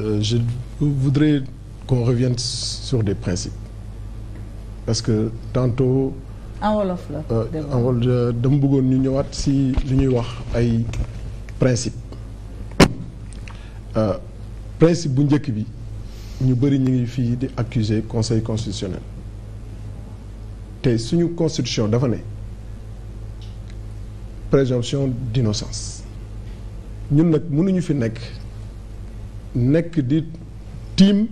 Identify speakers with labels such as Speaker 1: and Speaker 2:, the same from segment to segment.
Speaker 1: Euh, je voudrais qu'on revienne sur des principes parce que tantôt. en la. Euh, en euh, dama bëggoon ñu ñëwaat si li ñuy wax ay principe principe bu njëkk bi ñu bëri ñu ngi fii di accuser conseil constitutionnel te suñu constitution dafa ne présomption d'innocence ñun nag mënuñu fi nekk. nekk di tiim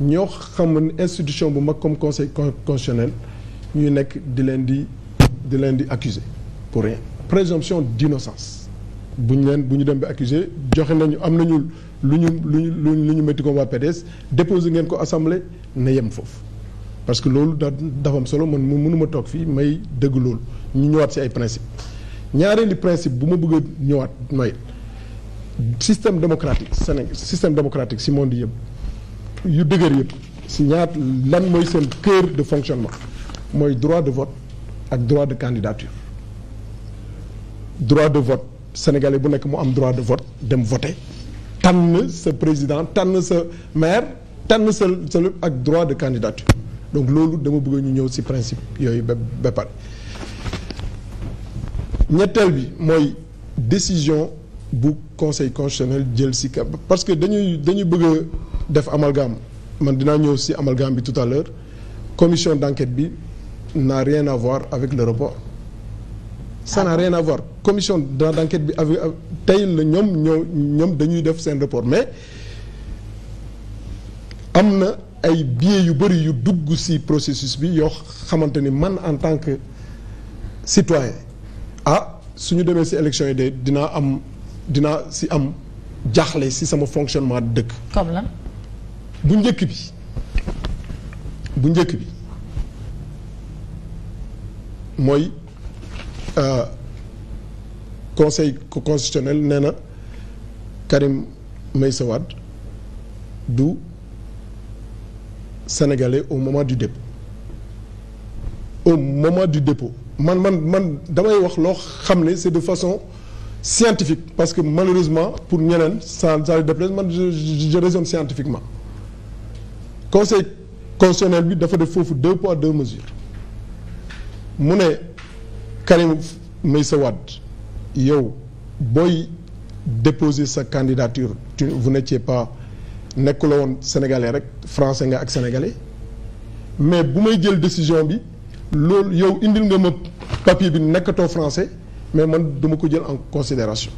Speaker 1: ñoo xam ne institution bu mag comme conseil constitutionnel ñuy nekk di leen di di leen di accuser pour rien présomption d'innocence bu ñu leen bu ñu dem bi accuser joxe nañu am nañu lu ñu lu ñu lu ñu métti ko waa PDS déposé ngeen ko assemblée na yem foofu parce que loolu da dafa solo man mu mënuma toog fii may dëgg loolu ñu ñëwaat ci ay principe ñaareeli principe bu ma bëgg ñëwaat may système démocratique Sénégal système démocratique si monde yëpp yu dëgër yëpp si ñaat lan mooy seen cœur de fonctionnement mooy droit de vote ak droit de candidature droit de vote sénégalais bu nekk mu am droit de vote dem voter tànn sa président tànn sa maire tànn sa sa ak droit de candidature donc loolu dama bëgg ñu ñëw si principe yooyu ba ba ñetteel bi mooy décision bu conseil constitutionnel jël si ka parce que dañuy dañuy bëgg a def amalgame man dinaa ñëw si amalgame bi tout à l'heure commission d'enquête bi n'a rien à voir avec le report ça n'a rien à voir commission d'enquête bi avec tey la ñoom ñoo ñoom dañuy def seen report mais am na ay biais yu bëri yu dugg si processus bi yoo xamante ni man en tant que citoyen ah suñu demee si élection yi de dinaa am dinaa si am jaaxle si sama fonctionnement dëkk. comme lan. bu njëkk bi bu njëkk bi mooy euh, conseil constitutionnel nee na Karim Meïssa du sénégalais au moment du dépôt au moment du dépôt man man man damay wax loo xam ne c'est de façon. scientifique parce que malheureusement pour ñeneen sans sans déplaise man je je, je raisonne scientifiquement conseil constitutionnel bi dafa def foofu deux poids deux mesures mu ne Karim Meïssa Wade yow booy déposer sa candidature tu vous n'étiez pas nekkuloo woon sénégalais rek français nga ak sénégalais mais bu may jël décision bi loolu yow indil nga ma papier bi nekkatoo français. mais man duma ko jël en considération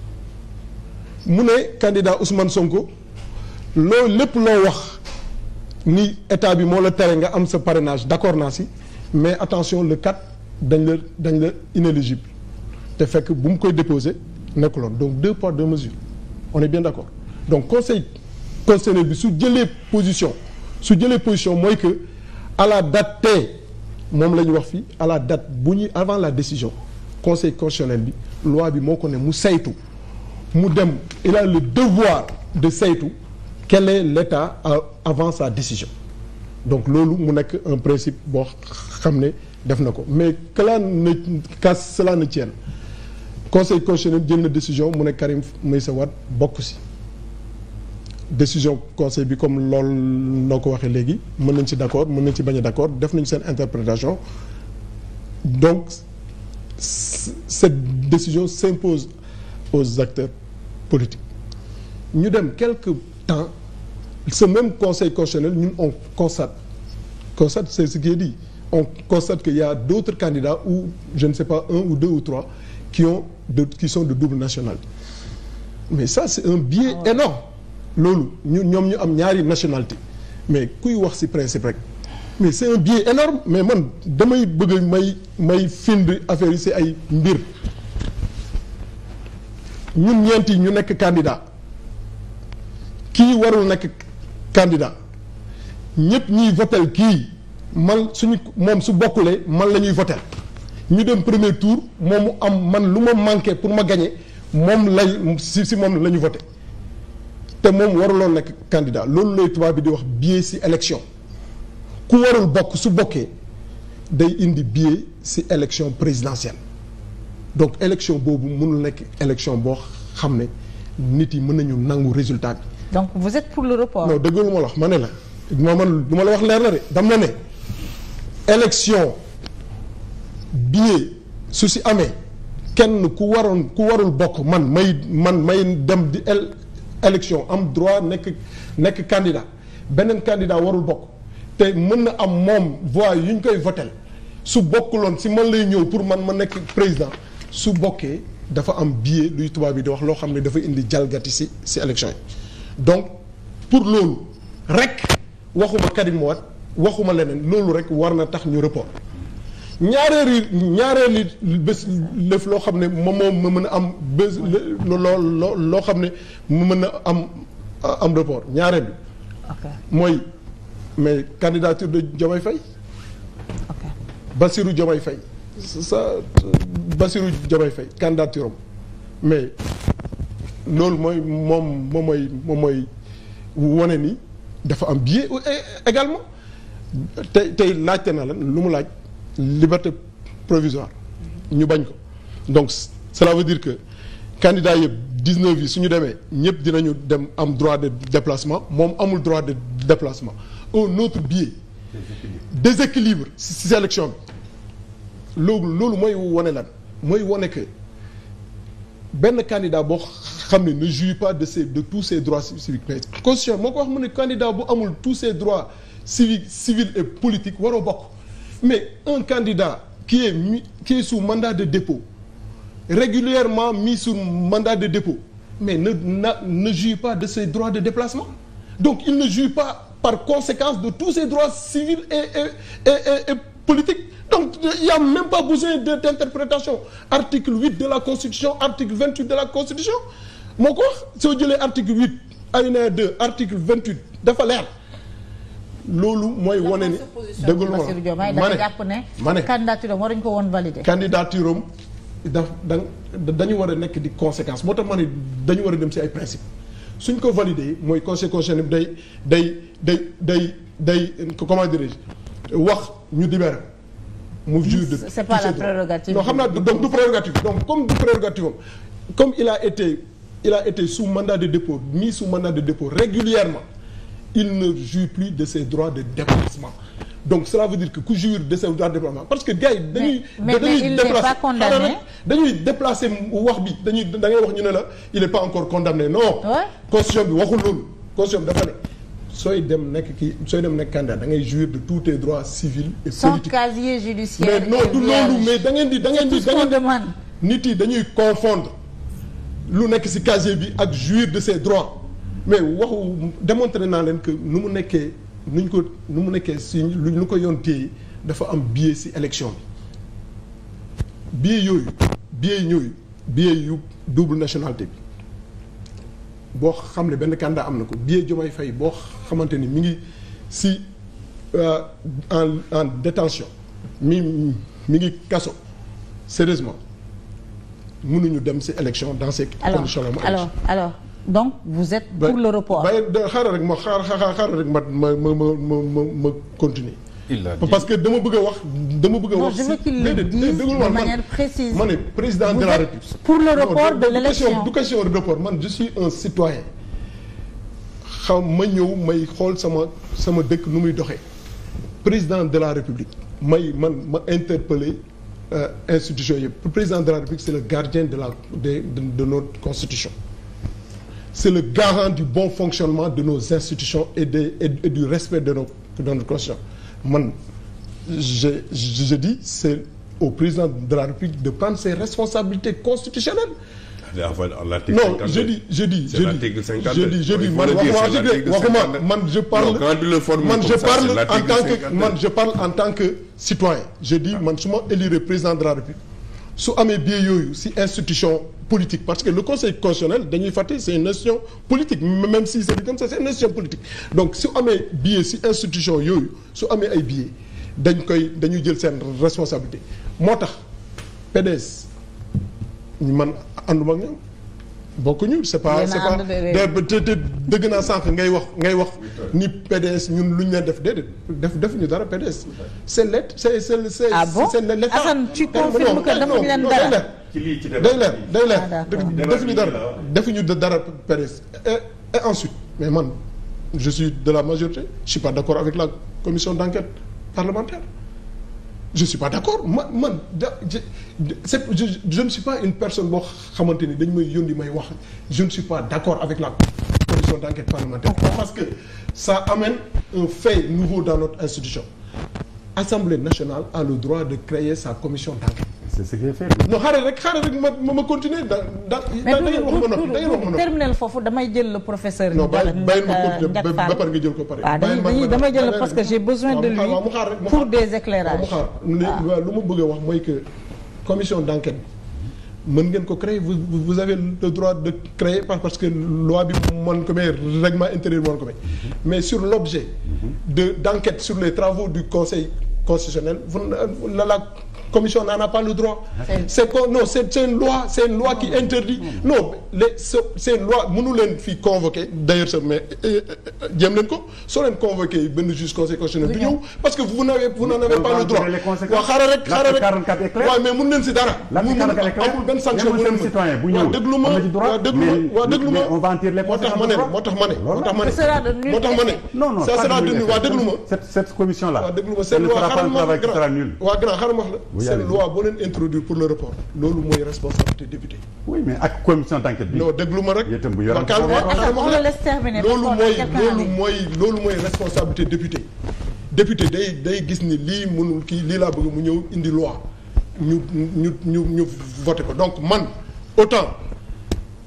Speaker 1: mu ne candidat Ousmane Sonko loolu lépp loo wax ni état bi moo la tere nga am sa parrainage d'accord naa si mais attention le 4 dañ la dañ la inéligible te fekk bu mu koy déposé nekkuloon donc deux poids deux mesures on est bien d'accord donc conseil concerné bi su jëlee position su jëlee position mooy que à la date T moom la ñu wax fii à la date bu ñuy avant la décision conseil constitutionnel bi loi bi moo ko ne mu saytu mu dem il a le devoir de saytu quel est l'état avant sa décision donc loolu mu nekk un principe boo xam ne def na ko mais cela ne qu'à cela ne tienne conseil constitutionnel jël na décision mu ne Karim Meïssa Wade bokk si décision conseil bi comme loolu noo ko waxee léegi mën nañ ci d'accord mën nañ ci bañ a d'accord def nañ seen interprétation donc cette décision s'impose aux acteurs politiques ñu dem quelque temps ce même conseil constitutionnel ñun on constate constate c'est ce qui est dit on constate qu'il y a d'autres candidats ou je ne sais pas un ou deux ou trois qui ont de qui sont de double nationalité mais ça c'est un biais ah énorme loolu ñu ñoom ñu am ñaari nationalité mais kuy wax si principe rek mais c'est un bien énorme mais man damay bëgg may may find affaire yi si ay mbir ñun ñeenti ñu nekk candidat kii warul nekk candidat ñëpp ñuy votel kii man suñu moom su bokkulee man la ñuy votel ñu dem premier tour moom mu am man lu ma manqué pour ma gagner moom lay si si moom la ñu voté te moom waruloo nekk candidat loolu lay tubaab bi di wax biais si élection ku warul bokk su bokkee day indi biais ci élection présidentielle donc élection boobu mënul nekk élection boo xam ne nit yi mën nañu nangu résultat bi. donc vous êtes pour le report. non dëgg ma wax ma ne la ma man lu ma la wax leer na de dama ne élection bie su ci amee kenn ku waroon ku warul bokk man may man may dem di élection am droit nekk nekk candidat beneen candidat warul bokk. te mën na am moom voix yu ñu koy votel su bokkuloon si man lay ñëw pour man ma nekk président su bokkee dafa am biais luy tubaab bi di wax loo xam ne dafa indi jalgati si si élection yi donc pour loolu rek waxuma Karim Wade waxuma leneen loolu rek war na tax ñu report ñaareeli ñaareeli lëf loo xam ne moom ma mën a am bés loo xam ne mu mën a am am report ñaareel mooy mais candidature de Diomaye fay ok Bassirou fay Faye ça Bassirou Diomaye Faye candidature mais loolu mooy moom moom mooy moom mooy wone ni dafa am biais e, e, également tey tey laajte na leen lu mu laaj liberté provisoire ñu bañ ko donc cela veut dire que candidat yëpp 19 yi su ñu demee ñëpp dinañu dem am droit de déplacement moom amul droit de déplacement un autre biais déséquilibre si sélection bi loolu loolu mooy wane lan mooy wane que benn candidat boo xam ne ne jouit pas de ses de tous ses droits civiques mais constitution moo ko wax mu ne candidat bu amul et politique waroo bokk mais un candidat qui est mi qui est sous mandat de dépôt régulièrement mis sous mandat de dépôt mais ne na ne jouit pas de ses droits de déplacement donc il ne jouit pas par conséquence de tous ses droits civils et et et, et politiques donc il n'y a même pas besoin article huit de la constitution article 28 de la constitution moo ko soo jëlee article 8 alinéa 2 article 28 dafa leer loolu mooy wane ni dëggul ma ne jàpp ne ma ne candidature am waruñu ko woon valider candidature am daf dañ dañu war a nekk di conséquence moo tax ma ne dañu war a dem si ay principe suñ ko validé mooy conseil constitutionnel day day day day day comment dirais-je wax ñu libéral mu jure de c'est pas la prérogative non xam naa donc du prérogative donc comme du prérogative am comme il a été il a été sous mandat de dépôt mis sous mandat de dépôt régulièrement il ne jouit plus de ses droits de déplacement donc cela veut dire que ku jouir de sa déploiement parce que gars yi dañuy dañuy déplacé déplacé wax bi dañuy da ngay wax ñu ne la il est pas encore condamné non constitution bi waxul loolu constitution bi dafa ne sooy dem nekk kii sooy dem nekk candidat da ngay jouir de tous tes droits civils et politiques sans casier judiciaire mais non du loolu mais da ngeen di da ngeen di da ngeen nit yi dañuy confondre lu nekk ci casier bi ak jouir de ses droits mais waxu démontré naa leen que nu mu nekkee nuñ ko nu mu nekkee si lu ñu ko yoon téye dafa am biais si élection bi biais yooyu biais ñooyu biais yu double nationalité bi boo xam ne benn candidat am na ko biais Diomaye Faye boo xamante ni mi ngi si euh, en en détention mi mi ngi kaso sérieusement mënuñu dem si élection dans ces conditions là mu alors alors donc vous êtes pour le report ba xaaral rek ma xaar xaaral rek ma ma ma ma ma ma continuer. parce que dama bëgg a wax dama bëgg a wax. non je veux qu'il le dise de manière précise ma ne président de la République. pour le report de l'élection du question report man je suis un citoyen. xam ma ñëw may xool sama sama dëkk nu muy doxee président de la République may man ma interpeller euh, institution yëpp président de la République c'est le gardien de la de de notre constitution. c'est le garant du bon fonctionnement de nos institutions et, de, et, et du respect de, nos, de man je je dis c'est au président de la République de prendre ses responsabilités constitutionnelles. l'article 50 non je dis je dis je dis je dis je dis man waxuma je parle man je parle en tant que man citoyen je dis ah. man su ma élire président de la République su amee biais yooyu si institution. politique parce que le conseil constitutionnel dañuy fàtte c'est une institution politique même si c'est comme ça c'est une institution donc su amee biais si institution yooyu su amee ay biais dañ koy dañuy jël seen responsabilité moo tax PDS ñu man ànduma ak ñoom bokkuñu c'est pas c'est pas te dëgg naa sànq ngay wax ngay wax ni PDS lu ñu leen def déedéet def def ñu dara PDS c'est l'État c'est c'est c'est ah c'est l'État Assane ah, tu confirmes que ah, defuñu leen dara ci lii ci day leer day leer defuñu dara dara PDS et ensuite mais man je suis de la majorité je suis pas d'accord avec la commission d'enquête parlementaire je suis pas d'accord man man c'est je, je ne suis pas une personne boo xamante ni dañ may yónni may wax je ne suis pas d'accord avec la commission d'enquête parlementaire parce que sa amène un fait nouveau dans notre institution Assemblée nationale a le droit de créer sa commission d'enquête c'est ce qu'il fait. non xaaral rek xaaral rek ma ma continuer da da wax ma noppi terminal foofu damay jël le professeur. non bàyyi bàyyi ma euh, ba ba nga jël ko pare. waaw ah, dañuy damay jël parce que j'ai besoin de lui pour des éclairages. mu ah. lu ma bëgg a wax mooy que commission d'enquête mën ngeen ko créer vous vous avez le droit de créer parce que loi bi mën ko may règlement intérieur mën ko may mais sur l'objet de d'enquête sur les travaux du conseil constitutionnel vous la la. commission n'en a pas le droit. c'est que non c'est une loi c'est une loi hmm. c'est une loi mënu leen fi convoqué d'ailleurs sax mais euh, euh, jéem leen ko soo leen convoqué benn juge conseil parce que vous n'avez vous pas le droit waaw xaaral rek xaaral rek waaw mais mën leen si dara. amul benn sanction bu leen mën waaw déglu ma waaw déglu ma waaw moo tax ma ne moo tax ma ne moo tax ma moo tax ma ne ça sera de nuit waaw déglu ma cette commission là waaw la seen loi boo leen introduire pour le report loolu mooy responsabilité député oui mais ak commission d'enquête bi non déglu ma rek ma calme mooy loolu mooy loolu mooy responsabilité député député day gis ni lii mënul kii lii laa bëgg mu ñëw indi loi ñu ñu ñu ñu voté ko donc man autant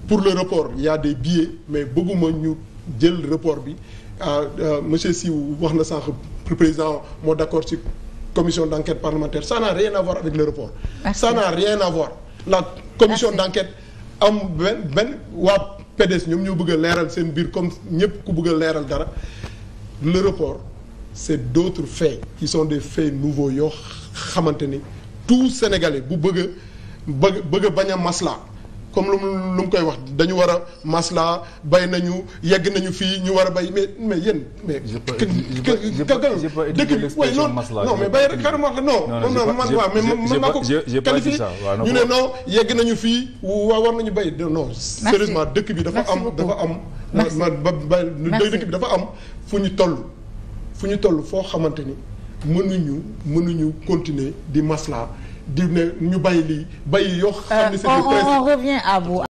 Speaker 1: pour le report il y a mais bëgguma ñu jël report bi ah, euh, monsieur Sy wax na sànq président moo d'accord ci commission d'enquête parlementaire ça n'a rien à voir avec le report ça n'a rien la commission d'enquête am benn benn waa PDS ñoom ñoo bëgg a leeral seen biir comme ñëpp ku bëgg a leeral dara le report c'est d'autres faits qui sont des faits nouveaux yoo xamante ni tout Sénégalais bu bëgg a bëgg bëgg a bañ comme lu mu lu mu koy wax dañu war a maslaa bay nañu yegg nañu fii ñu war a bay mais mais yéen. mais dëkk bi waaye non non mais bay rek xarum wax la non. non non man waaw mais ma ko qualifié ñu ne non yegg nañu fii waaw war nañu bay noo sérieusement dëkk bi dafa am dafa am. ma ba bay dëkk bi dafa am fu ñu toll fu ñu toll foo xamante ni mënuñu mënuñu continuer di maslaa. di ne ñu bàyyi lii bàyyi yoo xam ne c'est le euh, principe on revient à vous